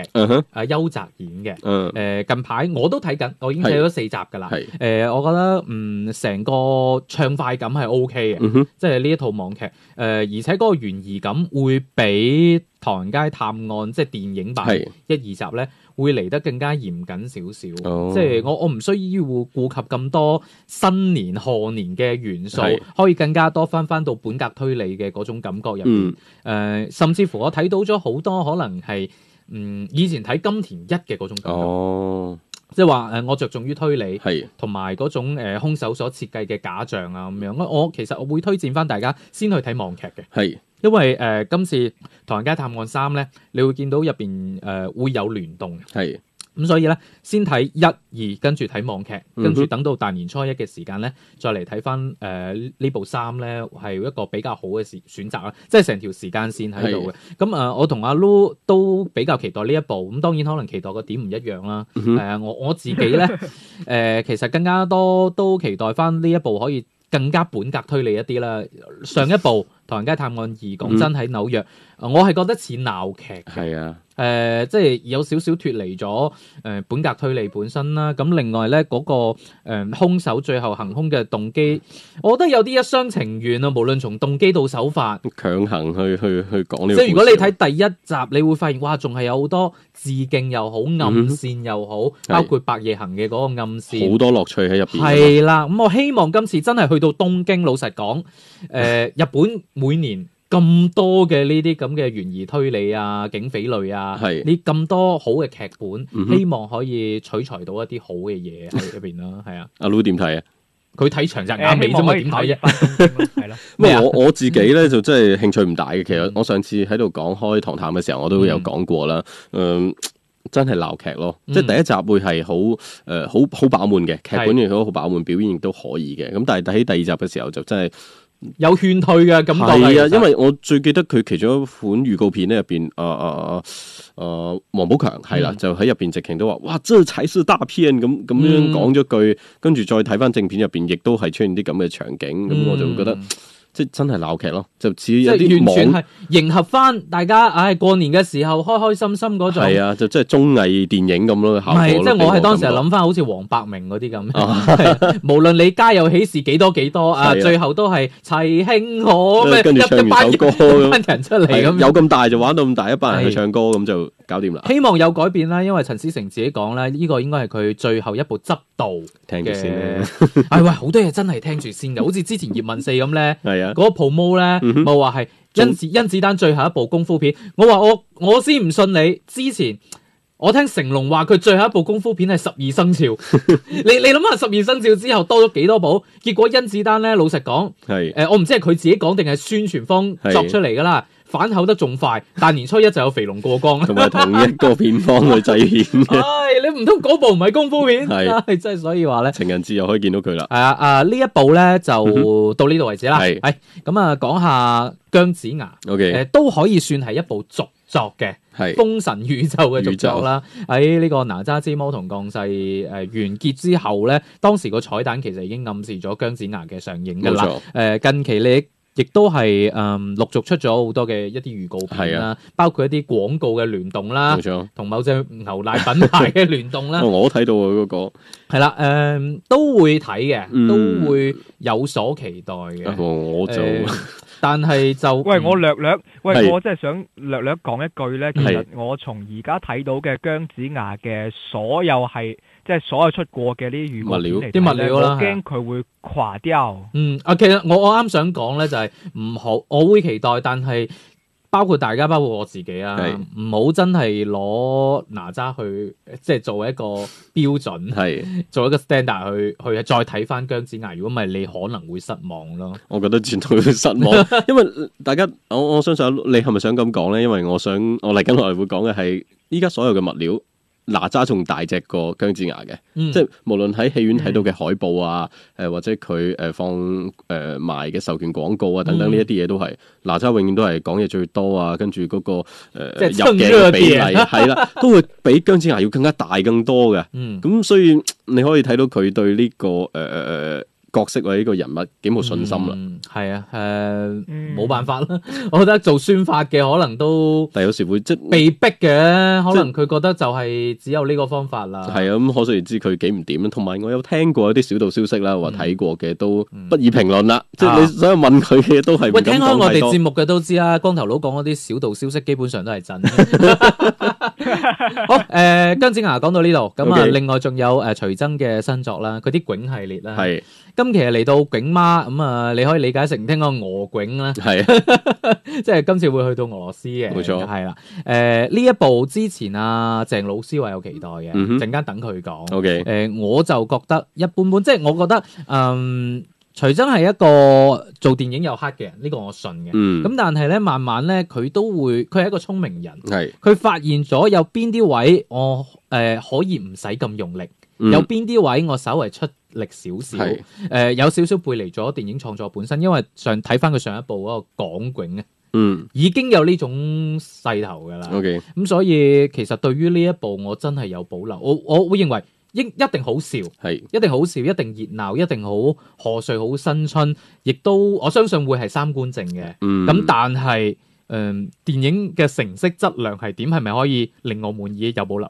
啊邱澤演嘅，誒、huh. 呃、近排我都睇緊，我已經睇咗四集㗎啦，誒、uh huh. 呃、我覺得嗯成個暢快感係 O K 嘅，uh huh. 即係呢一套網劇，誒、呃、而且嗰個懸疑感會比《唐人街探案》即係電影版一、uh huh. 一二集咧，會嚟得更加嚴謹少少，oh. 即係我我唔需要顧及咁多新年、賀年嘅元素，是可以更加多翻翻到本格推理嘅嗰種感覺入面誒、mm. 呃，甚至乎我睇到咗好多可能係嗯以前睇金田一嘅嗰種感覺，oh. 即係話誒我着重於推理，係同埋嗰種誒呃、兇手所設計嘅假象啊咁樣。我其實我會推薦翻大家先去睇網劇嘅。係。因為誒、呃、今次《唐人街探案三》咧，你會見到入邊誒會有聯動，係咁是所以咧先睇一二，跟住睇網劇，跟住等到大年初一嘅時間咧，再嚟睇翻誒呢部三咧係一個比較好嘅時選擇啦，即係成條時間線喺度嘅。咁啊，我同阿 Lu 都比較期待呢一部，咁當然可能期待個點唔一樣啦。誒，我我自己咧誒、 呃，其實更加多都期待翻呢一部可以更加本格推理一啲啦。上一部。 《唐人街探案二》嗯，講真喺紐約，我係覺得似鬧劇嘅，誒、啊呃，即係有少少脱離咗誒、呃、本格推理本身啦。咁、呃、另外咧，嗰、那個誒、呃、兇手最後行兇嘅動機，嗯、我覺得有啲一廂情願啊。無論從動機到手法，強行去去去，去講呢個。即係如果你睇第一集，你會發現哇，仲、呃、係有好多致敬又好暗線又好，包括白夜行嘅嗰個暗線，好是多樂趣喺入邊。係啦、啊，咁我希望今次真係去到東京，老實講，誒、嗯嗯嗯、日本。每年咁多嘅呢啲咁嘅懸疑推理啊、警匪類啊，的你咁多好嘅劇本，嗯、哼希望可以取材到一啲好嘅嘢喺入邊啦。係啊，阿 Loo 點睇啊？佢睇長澤眼尾啫，點睇啫？係咯。 咁我我自己咧就真係興趣唔大嘅。其實我上次喺度講開《唐探》嘅時候，我都有講過啦。嗯、嗯，真係鬧劇咯。即係第一集會係好誒，好好飽滿嘅劇本，亦都好飽滿，表演亦都可以嘅。咁的但係喺第二集嘅時候就真係。有勸退嘅感覺，係啊，因為我最記得佢其中一款預告片咧入邊，啊啊啊，啊、呃呃、王寶強係啦，嗯、就喺入邊直情都話，哇，這才是大片，咁咁樣講咗句，跟住再睇翻正片入邊，亦都係出現啲咁嘅場景，咁、嗯、我就會覺得。即真係鬧劇咯，就似有啲完全係迎合翻大家。唉，過年嘅時候開開心心嗰陣，係啊，就即綜藝電影咁咯，效果。唔係，我係當時係諗翻好似黃百鳴嗰啲咁，無論你家有喜事幾多幾多啊，最後都係齊慶賀跟住班一班人出嚟咁，有咁大就玩到咁大，一班人去唱歌咁就搞掂啦。希望有改變啦，因為陳思成自己講咧，呢個應該係佢最後一部執導。聽住先，唉喂，好多嘢真係聽住先嘅，好似之前葉問四咁咧。嗰部 movie 咧，咪話係甄子甄子丹最後一部功夫片。我話我我先唔信你。之前我聽成龍話佢最後一部功夫片係十二生肖。 你你諗下十二生肖之後多咗幾多部？結果甄子丹咧，老實講，係誒是、呃，我唔知係佢自己講定係宣傳方作出嚟噶啦。反口得仲快，但年初一就有肥龍過江，同埋同一個片方去製片咧。你唔通嗰部唔係功夫片係？即係是 所以話咧，情人節又可以見到佢啦。係啊啊！呢、啊、一部咧就到呢度為止啦。係咁啊，講下姜子牙。OK，誒、呃、都可以算係一部續作嘅《封 是神宇宙》嘅續作啦。喺呢宙、哎呢個《哪吒之魔童降世》誒、呃、完結之後咧，當時個彩蛋其實已經暗示咗姜子牙嘅上映㗎啦。誒沒錯 近期呢。亦都係誒，陸續出咗好多嘅一啲預告片啦，包括一啲廣告嘅聯動啦，同某隻牛奶品牌嘅聯動啦。我睇到佢嗰個係啦，誒都會睇嘅，都會有所期待嘅。我就，但係就喂我略略，喂我真係想略略講一句咧。其實我從而家睇到嘅《姜子牙》嘅所有係。即係所有出過嘅呢啲物料，啲物料啦，係驚佢會垮掉。嗯，啊，其實我我啱想講咧就係唔好，我會期待，但係包括大家，包括我自己啊，唔好是真係攞哪吒去即係做一個標準，係是做一個 standard 去去再睇翻姜子牙。如果唔係，你可能會失望咯。我覺得全都會失望， 因為大家，我我相信你係咪想咁講咧？因為我想，我嚟緊我係會講嘅係依家所有嘅物料。哪吒仲大隻過姜子牙嘅，嗯、即係無論喺戲院睇到嘅海報啊，誒、嗯、或者佢誒放誒賣嘅授權廣告啊等等呢一啲嘢都係、嗯、哪吒永遠都係講嘢最多啊，跟住嗰、那個誒入鏡嘅比例係 啦，都會比姜子牙要更加大更多嘅。咁、嗯、所以你可以睇到佢對呢、這個誒誒。呃呃角色或者呢個人物幾冇信心啦，係、嗯、啊，誒、呃，冇辦法啦。我覺得做宣發嘅可能都，但有時會即被逼嘅，可能佢覺得就係只有呢個方法啦。係啊、嗯，咁可想而知佢幾唔掂。同埋我有聽過一啲小道消息啦，話睇過嘅都不宜評論啦。即係你所有問佢嘅都係喂，聽開我哋節目嘅都知啦。光頭佬講嗰啲小道消息基本上都係真。 好，誒、呃，姜子牙講到呢度，咁啊，另外仲有誒徐崢嘅新作啦，佢啲囧系列啦，係。今期嚟到囧媽咁啊、嗯，你可以理解成聽個俄囧啦，係是 即係今次會去到俄羅斯嘅，冇錯係啦。誒呢、呃、一部之前啊，鄭老師話有期待嘅，陣間、嗯、哼等佢講。OK，誒、呃、我就覺得一般般，即係我覺得，嗯，徐崢係一個做電影又黑嘅人，呢、這個我信嘅。咁、嗯、但係咧，慢慢咧佢都會，佢係一個聰明人，係佢是發現咗有邊啲位我誒、呃、可以唔使咁用力。有邊啲位我稍微出力少少，誒是、呃、有少少背離咗電影創作本身，因為上睇返佢上一部嗰個港囧啊，嗯、已經有呢種勢頭㗎啦。咁 Okay.、嗯、所以其實對於呢一部我真係有保留。我我會認為一一定好笑，係是一定好笑，一定熱鬧，一定好賀歲，好新春，亦都我相信會係三觀正嘅。咁、嗯、但係誒、嗯、電影嘅成色質量係點？係咪可以令我滿意？有保留。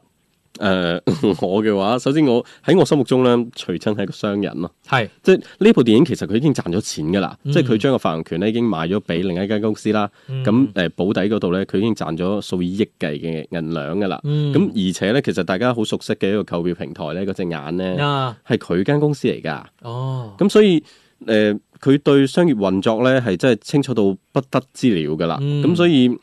誒、呃，我嘅話，首先我喺我心目中咧，徐崢係個商人咯。係是，即係呢部電影其實佢已經賺咗錢噶啦，嗯、即係佢將個發行權咧已經賣咗俾另一間公司啦。咁誒、嗯呃，保底嗰度咧，佢已經賺咗數以億計嘅銀兩噶啦。咁、嗯、而且咧，其實大家好熟悉嘅一個購票平台咧，嗰隻眼咧係佢間公司嚟噶。哦，咁所以誒，佢、呃、對商業運作咧係真係清楚到不得之了噶啦。咁所以。嗯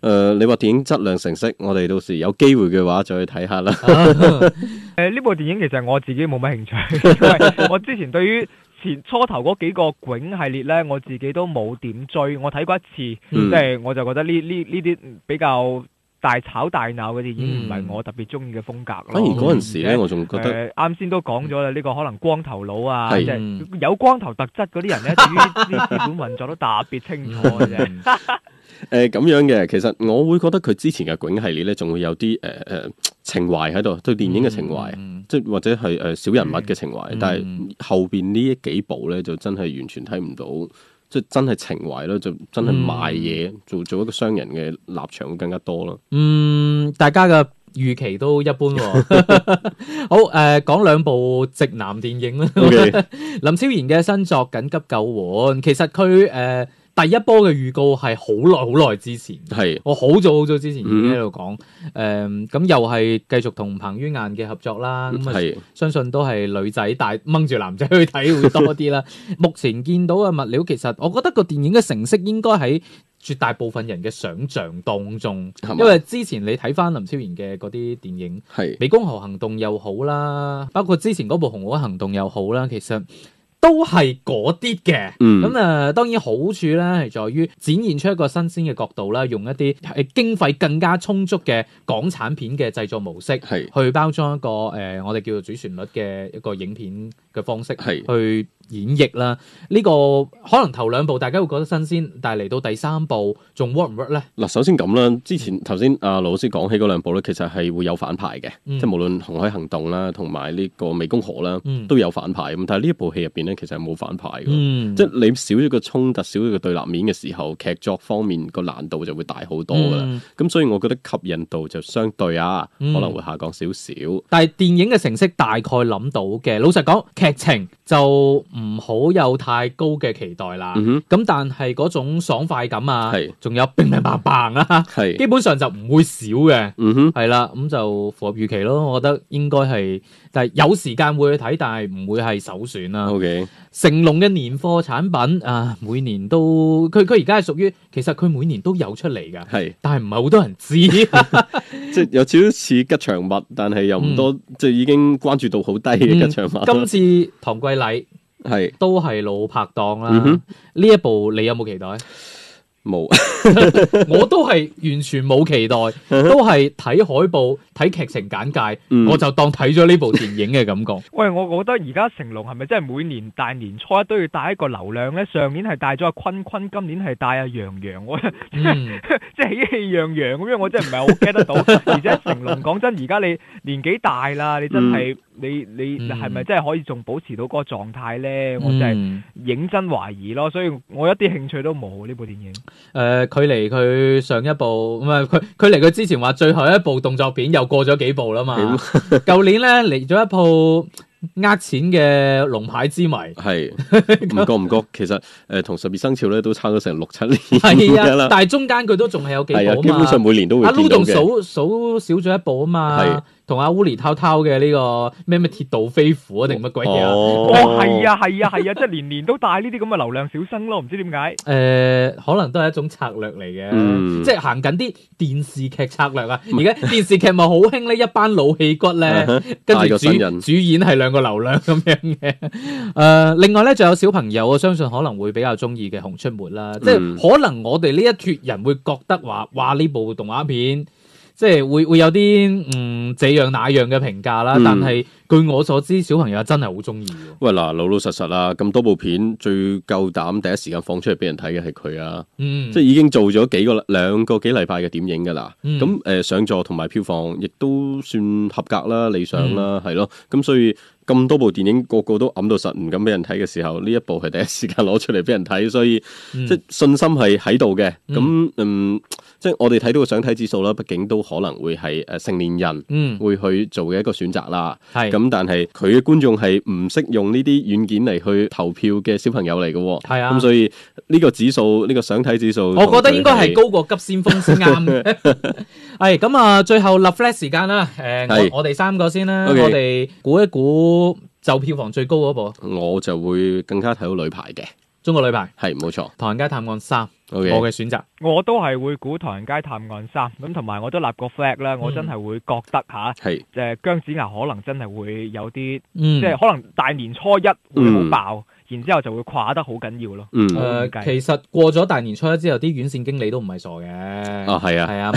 誒、呃，你話電影質量成色，我哋到時有機會嘅話再去睇下啦。誒，呢部電影其實我自己冇乜興趣。因為我之前對於前初頭嗰幾個囧系列咧，我自己都冇點追。我睇過一次，即係、嗯、我就覺得呢呢呢啲比較大吵大鬧嗰啲已經唔係我特別中意嘅風格。嗯、反而嗰陣時咧，我仲覺得，啱先、呃嗯、都講咗啦，呢、呢個可能光頭佬啊，即係有光頭特質嗰啲人咧，對於啲資本運作都特別清楚嘅啫。 誒，咁、呃、樣嘅，其實我會覺得佢之前嘅《囧》系列咧，仲會有啲誒誒情懷喺度，對電影嘅情懷，即係、嗯、或者係誒、呃、小人物嘅情懷。嗯、但係後邊呢幾部咧，就真係完全睇唔到，即係真係情懷咧，就真係賣嘢，嗯、做做一個商人嘅立場會更加多咯。嗯，大家嘅預期都一般、哦。 好，誒、呃，講兩部直男電影啦。Okay. 林超賢嘅新作《緊急救援》，其實佢誒。呃呃第一波嘅預告係好耐好耐之前，係是我好早好早之前已經喺度講，誒咁、嗯呃、又係繼續同彭于晏嘅合作啦。咁啊是，相信都係女仔帶掹住男仔去睇會多啲啦。 目前見到嘅物料其實，我覺得個電影嘅成色應該喺絕大部分人嘅想象當中，吧因為之前你睇翻林超賢嘅嗰啲電影，係是《湄公河行動》又好啦，包括之前嗰部《紅海行動》又好啦，其實。都係嗰啲嘅，咁啊、嗯，當然好處咧係在於展現出一個新鮮嘅角度啦，用一啲係經費更加充足嘅港產片嘅製作模式，係是去包裝一個誒、呃、我哋叫做主旋律嘅一個影片嘅方式，係是去演繹啦。呢、這個可能頭兩部大家會覺得新鮮，但係嚟到第三部仲 work 唔 work 咧？嗱，首先咁啦，之前頭先阿盧老師講起嗰兩部咧，其實係會有反派嘅，嗯、即係無論《紅海行動》啦，同埋呢個《湄公河》啦，都有反派咁。但係呢一部戲入邊咧，其實冇反派嘅，即係你少咗個衝突，少咗個對立面嘅時候，劇作方面個難度就會大好多啦。咁所以我覺得吸引度就相對啊，可能會下降少少。但係電影嘅成色大概諗到嘅，老實講，劇情就唔好有太高嘅期待啦。咁但係嗰種爽快感啊，係，仲有乒乒乓乓啦，係，基本上就唔會少嘅。嗯哼，係啦，咁就符合預期咯。我覺得應該係。就係有時間會去睇，但係唔會係首選啦，啊。OK，成龍嘅年貨產品啊，每年都佢佢而家係屬於其實佢每年都有出嚟㗎，係是，但係唔係好多人知，即 係 有少少似吉祥物，但係又唔多，即係、嗯、已經關注度好低嘅吉祥物、嗯。今次唐季禮係是都係老拍檔啦，呢、嗯、哼一部你有冇期待？冇， 我都係完全冇期待，都係睇海報、睇劇情簡介，我就當睇咗呢部電影嘅感覺。喂，我覺得而家成龍係咪真係每年大年初一都要帶一個流量呢？上年係帶咗阿坤坤，今年係帶阿楊洋，即係、就是、 喜氣洋洋咁樣，我真係唔係好 get 得到。 而且成龍講真，而家你年紀大啦，你真係 你你係咪真係可以仲保持到嗰個狀態呢？ 我真係認真懷疑咯，所以我一啲興趣都冇呢部電影。誒，佢離佢上一部唔係佢，佢離佢之前話最後一部動作片又過咗幾部啦嘛。舊是嗎 年咧嚟咗一部呃錢嘅龍牌之謎，係唔是 覺唔覺，其實誒同、呃、十二生肖咧都差咗成六七年係啊，但係中間佢都仲係有幾部、啊、基本上每年都會阿 Lu 仲數數少咗一部啊嘛。同阿烏尼濤濤嘅呢個咩咩鐵道飛虎啊定乜鬼嘢哦，係、 哦、啊係啊係啊，即係年年都帶呢啲咁嘅流量小生咯，唔知點解？誒 、呃，可能都係一種策略嚟嘅，嗯、即係行緊啲電視劇策略啊！而家、嗯、電視劇咪好興呢一班老戲骨咧，跟住、嗯、主主演係兩個流量咁樣嘅。誒、呃，另外咧，仲有小朋友，我相信可能會比較中意嘅《熊出沒》啦、嗯，即係可能我哋呢一撮人會覺得話，哇！呢部動畫片。即係會會有啲嗯，這樣那樣嘅評價啦，但係。據我所知，小朋友真係好中意。喂，嗱，老老實實啦，咁多部片最夠膽第一時間放出嚟俾人睇嘅係佢啊，嗯、即係已經做咗幾個兩個幾禮拜嘅點映噶啦，咁誒、嗯嗯、上座同埋票房亦都算合格啦、理想、嗯、啦，係咯。咁所以咁多部電影個個都揞到實，唔敢俾人睇嘅時候，呢一部係第一時間攞出嚟俾人睇，所以、嗯、即係信心係喺度嘅。咁嗯，嗯，嗯，即係我哋睇到個想睇指數啦，畢竟都可能會係誒成年人嗯會去做嘅一個選擇啦，係、嗯。是咁但係佢嘅觀眾係唔識用呢啲軟件嚟去投票嘅小朋友嚟嘅。哦，係啊，咁所以呢個指數呢、呢個想睇指數，我覺得應該係高過急先鋒先啱。係咁、 哎、啊，最後立 flag 時間啦，誒、呃是，我哋三個先啦，Okay. 我哋估一估就票房最高嗰部，我就會更加睇到女排嘅。中國女排係冇錯，《唐人街探案三 Okay.》我嘅選擇，我都係會估《唐人街探案三》咁、嗯，同埋我都立個 flag 啦，我真係會覺得吓，誒是，姜子牙可能真係會有啲，即係、嗯、可能大年初一會好爆。嗯，然之後就會垮得好緊要咯。誒、嗯呃，其實過咗大年初一之後，啲院線經理都唔係傻嘅。啊，係啊，係啊，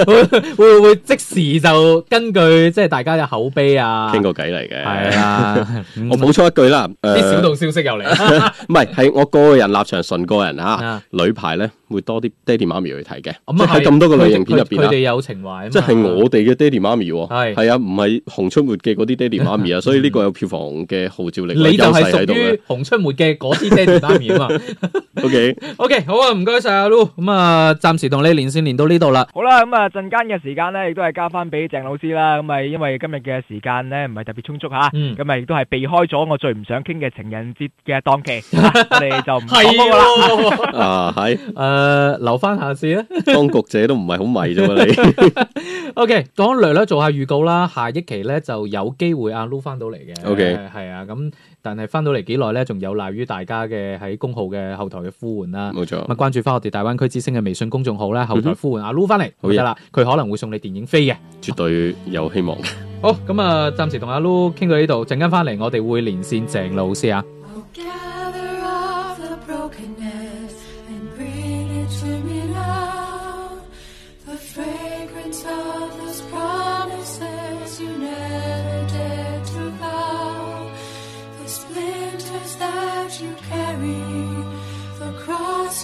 會唔會，會即時就根據即係大家嘅口碑啊？傾個偈嚟嘅。係啊，嗯、 我補充一句啦，啲、呃、小道消息又嚟。唔 係， 係我個人立場，純個人啊。啊女排咧。會多啲爹哋媽咪去睇嘅，咁啊喺咁多個類型片入邊佢哋有情懷，即係我哋嘅爹哋媽咪，係係啊，唔係熊出沒嘅嗰啲爹哋媽咪啊，所以呢個有票房嘅號召力，你就係屬於熊出沒嘅嗰啲爹哋媽咪啊嘛。O K O K，好啊，唔該晒阿 l u 咁啊，暫時同你連線連到呢度啦。好啦、 嗯，咁啊，陣間嘅時間咧，亦都係交翻俾鄭老師啦。咁啊，因為今日嘅時間咧，唔係特別充足吓，咁啊，亦都係避開咗我最唔想傾嘅情人節嘅檔期，你就唔講啊，係。誒、呃，留翻下次啦。 當局者都唔係好迷啫嘛、啊。你。O K，講略咧，做下預告啦。下一期咧就有機會阿 Loo 翻到嚟嘅。O K，係啊，咁但係翻到嚟幾耐咧，仲有賴於大家嘅喺公號嘅後台嘅呼喚啦。冇錯錯，咁關注翻我哋大灣區之星嘅微信公眾號咧，後台呼喚阿 Loo 翻嚟，嗯、哼好嘅啦，佢可能會送你電影飛嘅，絕對有希望嘅。 好，咁啊，暫時同阿 Loo 傾到呢度，陣間翻嚟我哋會連線鄭老師啊。Okay.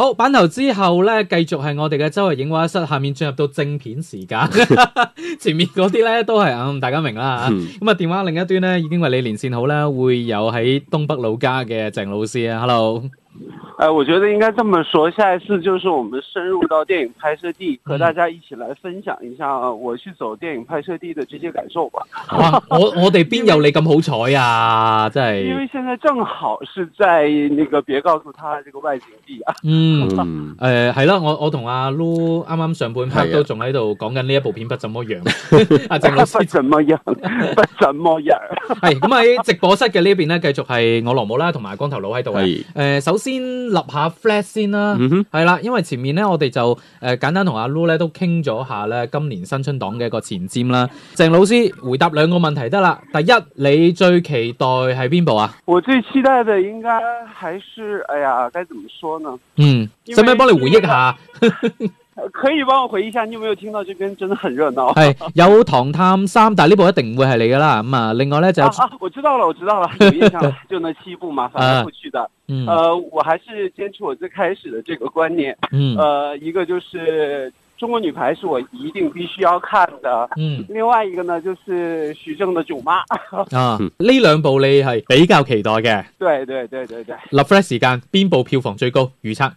好，版頭之後咧，繼續係我哋嘅周圍影畫室，下面進入到正片時間。 前面嗰啲咧都係，嗯，大家明啦。咁 啊，電話另一端咧已經為你連線好啦，會有喺東北老家嘅鄭老師啊，Hello。誒、 呃，我覺得應該這麼說，下一次就是我們深入到電影拍攝地，和大家一起來分享一下、啊、我去走電影拍攝地的直接感受吧。 我我哋邊有你咁好彩啊！真係，因為現在正好是在那個別告訴他這個外景地啊。嗯 、mm. uh, 呃，誒係啦，我我同阿 Lu 啱啱上半 part 都仲喺度講緊呢一部片不怎麼樣，阿 鄭、啊老師 啊、不怎麼樣，不怎麼樣。係咁喺直播室嘅呢邊咧，繼續係我羅姆啦，同埋光頭佬喺度。係誒首。我先立下 flag 先啦，係啦、mm，hmm. 因為前面咧我哋就誒、呃、簡單同阿 Lu 咧都傾咗下咧今年新春檔嘅一個前瞻啦。鄭老師回答兩個問題得啦，第一你最期待係邊部啊？我最期待嘅應該還是哎呀，該怎麼說呢？嗯，使唔使幫你回憶下？ 可以幫我回憶一下，你有沒有聽到？這邊真的很熱鬧，係有《唐探三》，但呢部一定唔會係你噶啦。咁啊，另外呢，就、啊啊，我知道了，我知道了，了 就那七部嘛，翻過去的。啊嗯、呃，我還是堅持我最開始的這個觀念。嗯。呃，一個就是中國女排是我一定必須要看的。嗯。另外一個呢，就是徐崢的祖《囧媽》。啊，呢兩部你係比較期待嘅。對對對對對。對《Love Flash》時間邊部票房最高預測？對對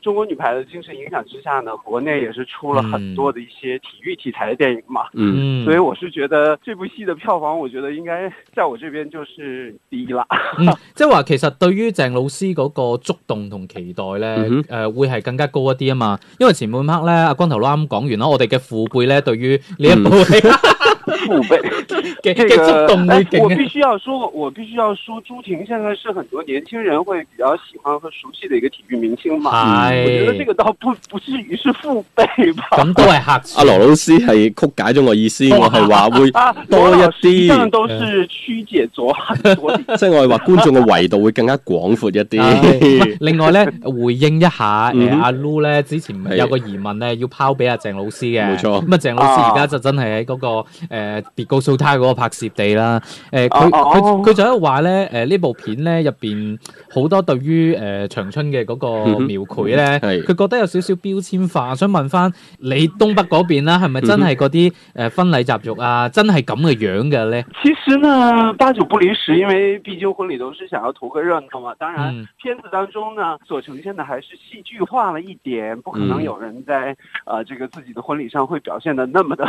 中國女排的精神影響之下呢，國內也是出了很多的一些體育題材的電影嘛。嗯，所以我是覺得這部戲的票房，我覺得應該在我這邊就是第一啦。嗯，即係話其實對於鄭老師嗰個觸動同期待咧，誒、嗯哼呃，會係更加高一啲啊嘛。因為前半刻咧，阿光頭佬啱講完啦，我哋嘅父輩咧，對於呢一部戲、嗯。 父輩，我必須要說，我必須要說，朱婷現在是很多年輕人會比較喜歡和熟悉的一個體育明星嘛。係，我覺得這個倒不不至於是父輩吧。咁都係客，阿羅老師係曲解咗我意思，我係話會多一啲。以上都是曲解咗，即係我係話觀眾嘅維度會更加廣闊一啲。另外咧，回應一下阿 Lu 咧，之前有個疑問咧，要拋俾阿鄭老師嘅。冇錯。咁啊，鄭老師而家就真係喺嗰個誒，別告訴他嗰個拍攝地啦。誒、呃，佢佢就喺度話咧，誒、呃、呢部片咧入邊好多對於誒、呃、長春嘅嗰個描繪咧，佢、嗯、哼覺得有少少標籤化。想問翻你東北嗰邊啦，係咪真係嗰啲誒婚禮習俗啊，真係咁嘅樣嘅咧？其實呢八九不離十，因為畢竟婚禮都是想要圖個熱鬧嘛。當然，嗯、片子當中呢所呈現嘅還是戲劇化了一點，不可能有人在啊、呃、這個自己嘅婚禮上會表現得那麼的。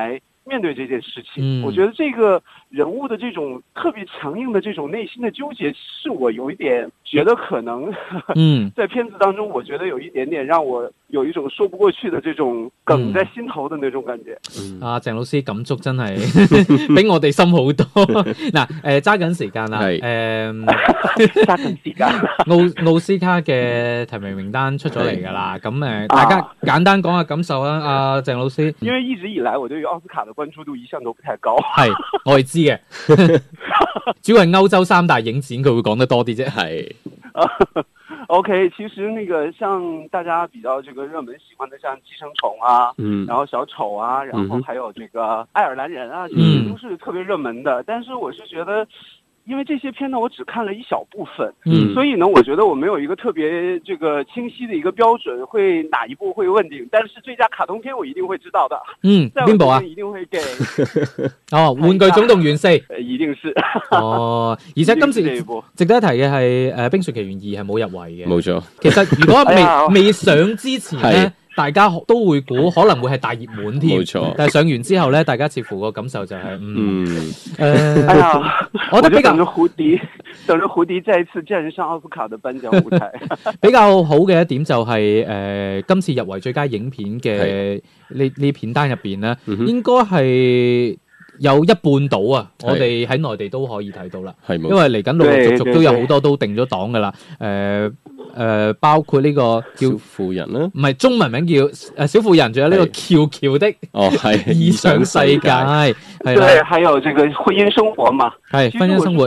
來面對這件事情，我覺得這個。人物的這種特別強硬的這種內心的糾結，是我有一點覺得可能，嗯， 在片子當中，我覺得有一點點讓我有一種說不過去的這種梗在心頭的那種感覺。嗯嗯、啊，鄭老師感觸真係俾 我哋深好多。嗱、 啊，誒、呃，揸緊時間啦，誒是，揸緊、嗯、 時間。奧 奧斯卡嘅提名名單出咗嚟㗎啦，咁誒是、呃，大家簡單講下感受的啊，阿鄭老師，因為一直以來我對於奧斯卡的關注度一向都不太高。係，我知。 主要係歐洲三大影展佢會講得多啲啫，係。 OK，其實那個像大家比較這個熱門喜歡的，像寄生蟲啊，然後小丑啊，然後還有這個愛爾蘭人啊，其實都是特別熱門的，但是我是覺得。因為這些片呢，我只看了一小部分，嗯，所以呢，我覺得我沒有一個特別這個清晰的一個標準，會哪一部會問鼎，但是最佳卡通片我一定會知道的，嗯，邊部啊？一定會給哦，玩具總動員四， 一定是， 哦，而且今次值得一提嘅係，誒、呃，冰雪奇緣二係冇入圍嘅，冇錯，其實如果未 未，未上之前咧。 是的大家都會估可能會係大熱門添，冇錯，但係上完之後咧，大家似乎個感受就係、是、嗯，哎呀，我覺得比較。等着胡迪，等着胡迪再一次真人上奧斯卡嘅頒獎舞台。比較好嘅一點就係、是、誒、呃，今次入圍最佳影片嘅呢呢片單入邊咧，嗯、哼應該係。有一半到啊！我哋喺內地都可以睇到啦，因為嚟緊陸陸續續都有好多都定咗檔㗎啦。誒誒，包括呢個叫小婦人啦，唔係中文名叫誒小婦人，仲有呢個喬喬的哦，係異想世界，係啦，係有呢個婚姻生活嘛，婚姻生活。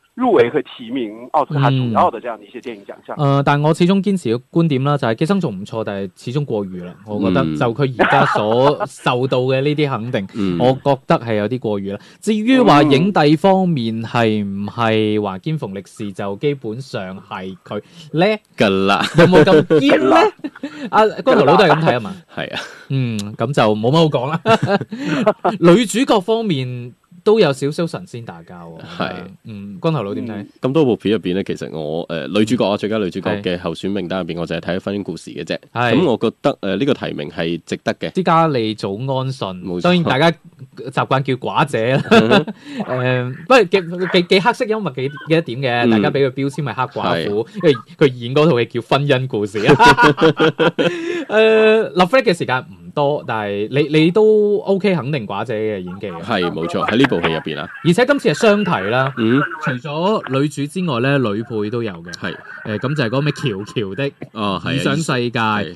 入圍和提名奧斯卡主要的這樣的一些電影獎項。誒、呃，但我始終堅持嘅觀點啦，就係《寄生蟲》唔錯，但係始終過譽啦。我覺得就佢而家所受到嘅呢啲肯定，嗯、我覺得係有啲過譽啦。至於話影帝方面，係唔係話堅馮力士，就基本上係佢叻嘅啦？有冇咁堅咧？阿光頭佬都係咁睇啊嘛？係啊，嗯，咁、嗯嗯嗯、就冇乜好講啦。啊、女主角方面。都有少少神仙打交，係，嗯，光頭佬點睇？咁多部片入邊咧，其實我誒女主角啊，最佳女主角嘅候選名單入邊，我就係睇婚姻故事嘅啫。咁我覺得誒呢個提名係值得嘅。斯嘉麗祖安遜，當然大家習慣叫寡姐啦。誒，不過幾幾幾黑色幽默幾幾一點嘅，大家俾個標籤咪黑寡婦，因為佢演嗰套嘢叫《婚姻故事》啊。誒，立 flag 嘅時間。多，但係你你都 O、OK, K，肯定寡姐嘅演技係冇錯喺呢部戲入邊啊，而且今次係雙提啦，嗯，除咗女主之外咧，女配都有嘅，係誒是，咁、呃、就係、是、嗰個咩喬喬的哦，異想世界。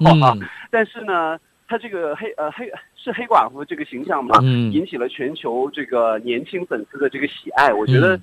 嗯，但是呢，他這個黑，呃黑，是黑寡婦這個形象嘛，嗯、引起了全球這個年輕粉絲的這個喜愛，我覺得、嗯。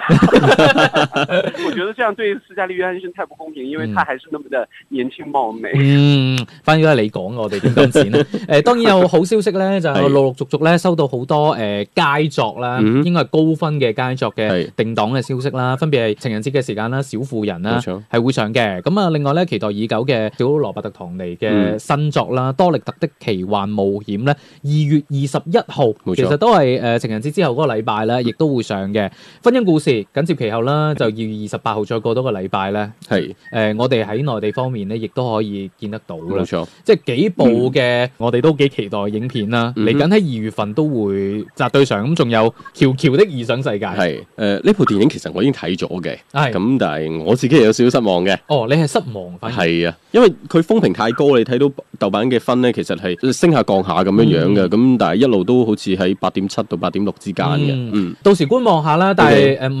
我覺得這樣對斯嘉麗約翰遜太不公平，因為她還是那麼的年輕貌美。嗯，反正都係你講我哋點發展咧？誒、 嗯，當然有好消息咧，就我陸陸續續咧收到好多誒佳作啦，應該係高分嘅佳作嘅定檔嘅消息啦， 嗯，分別係情人節嘅時間啦，《小婦人》啦錯，係會上嘅。咁啊，另外咧，期待已久嘅小羅伯特唐尼嘅新作啦，嗯《多力特的奇幻冒險》咧，二月二十一號，錯其實都係誒情人節之後嗰個禮拜咧，亦都會上嘅《婚姻故事》。緊接其後啦，就二月二十八號再過多個禮拜咧。係誒，我哋喺內地方面咧，亦都可以見得到。冇錯，即係幾部嘅，我哋都幾期待影片啦。嚟緊喺二月份都會集對上咁，仲有《喬喬的異想世界》。係誒，呢部電影其實我已經睇咗嘅。係咁，但係我自己有少少失望嘅。哦，你係失望。係啊，因為佢風評太高，你睇到豆瓣嘅分咧，其實係升下降下咁樣樣嘅。咁但係一路都好似喺八點七到八點六之間嘅。嗯，到時觀望下啦。但係誒。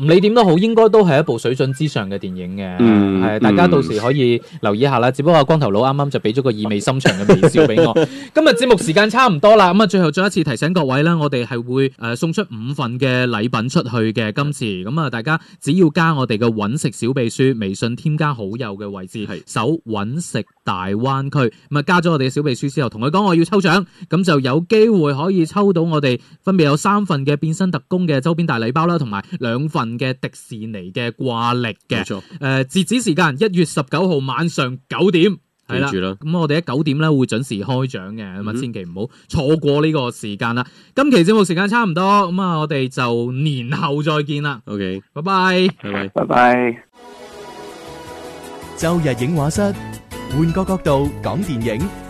唔理點都好，應該都係一部水準之上嘅電影嘅，係、嗯、大家到時可以留意下啦。只不過光頭佬啱啱就俾咗個意味深長嘅微笑俾我。 今日節目時間差唔多啦，咁啊最後再一次提醒各位咧，我哋係會誒送出五份嘅禮品出去嘅。今次咁啊，大家只要加我哋嘅揾食小秘書微信添加好友嘅位置，去搜揾食大灣區，咁啊加咗我哋嘅小秘書之後，同佢講我要抽獎，咁就有機會可以抽到我哋分別有三份嘅變身特工嘅周邊大禮包啦，同埋兩份。嘅迪士尼嘅掛曆嘅，冇錯。誒，截止時間一月十九號晚上九點，記住啦。咁我哋喺九點咧會準時開獎嘅，咁啊千祈唔好錯過呢個時間啦。今期節目時間差唔多，咁啊我哋就年後再見啦。OK，拜拜，拜拜，拜拜。周日影畫室，換個角度講電影。